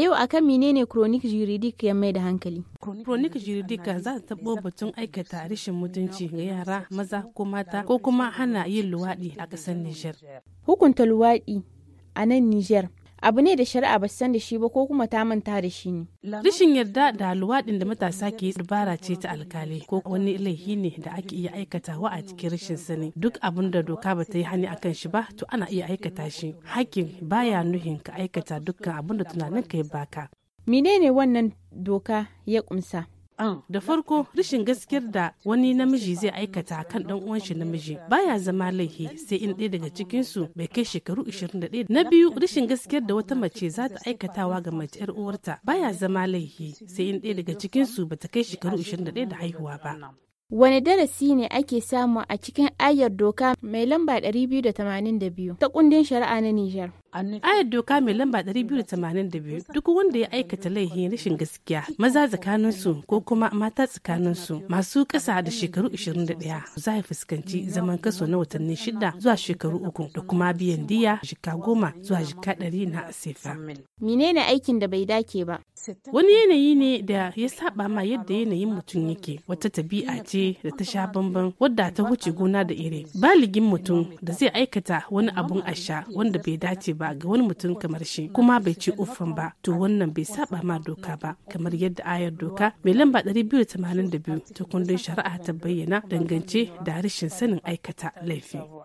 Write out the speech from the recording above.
yau akan menene chronic juridic ya mai da hankali? Chronic juridic za ta tabo batun aikata rashin mutunci ga yara maza ko mata ko kuma hana yin luwaɗi a ƙasar Nijar. Hukunta luwaɗi a nan Nijar abu ne da shari'a ba san da shi ba ko kuma ta manta da shi ne. rishin yarda da luwaɗin da matasa ke yi dabara ce ta alkali ko wani laifi ne da ake iya aikatawa a cikin rashin sani duk abin da doka ba ta yi hani akan shi ba to ana iya aikata shi hakin baya nuhin ka aikata dukkan abin da tunanin ka ya baka. Menene wannan doka ya kumsa? da farko rashin gaskiyar da wani namiji zai aikata kan ɗan uwan shi namiji baya zama laifi sai in ɗaya daga cikin su bai kai shekaru 21 na biyu rashin gaskiyar da wata mace za ta aikatawa ga mace yar uwarta baya zama laifi sai in ɗaya daga cikin su bata kai shekaru 21 da haihuwa ba Wane darasi ne ake samu a cikin ayar doka mai lamba 282 ta kundin shari'a na Nijar? Ayar doka mai lamba 282 duk wanda ya aikata laifin rashin gaskiya maza tsakaninsu ko kuma mata tsakaninsu masu ƙasa da shekaru 21 za a fuskanci zaman kaso na watanni shida zuwa shekaru uku da kuma biyan diya jika goma zuwa jika ɗari na asifa. Menene aikin da bai dake ba? Wani yanayi ne da ya saba ma yadda yanayin mutum yake wata tabi'a ce da ta sha bamban wadda ta wuce gona da iri. Baligin mutum da zai aikata wani abun asha wanda bai dace ba ga wani mutum kamar shi kuma bai ci uffan ba to wannan bai saba ma doka ba kamar yadda ayar doka mai lamba 282 ta kundin shari'a ta bayyana dangance da rashin sanin aikata laifi.